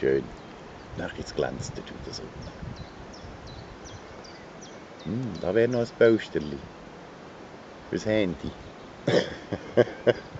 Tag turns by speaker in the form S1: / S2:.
S1: schön. Nach jetzt glänzt der Schuh der Sonne. Hm, da wäre noch ein Pölsterli.
S2: Fürs Handy.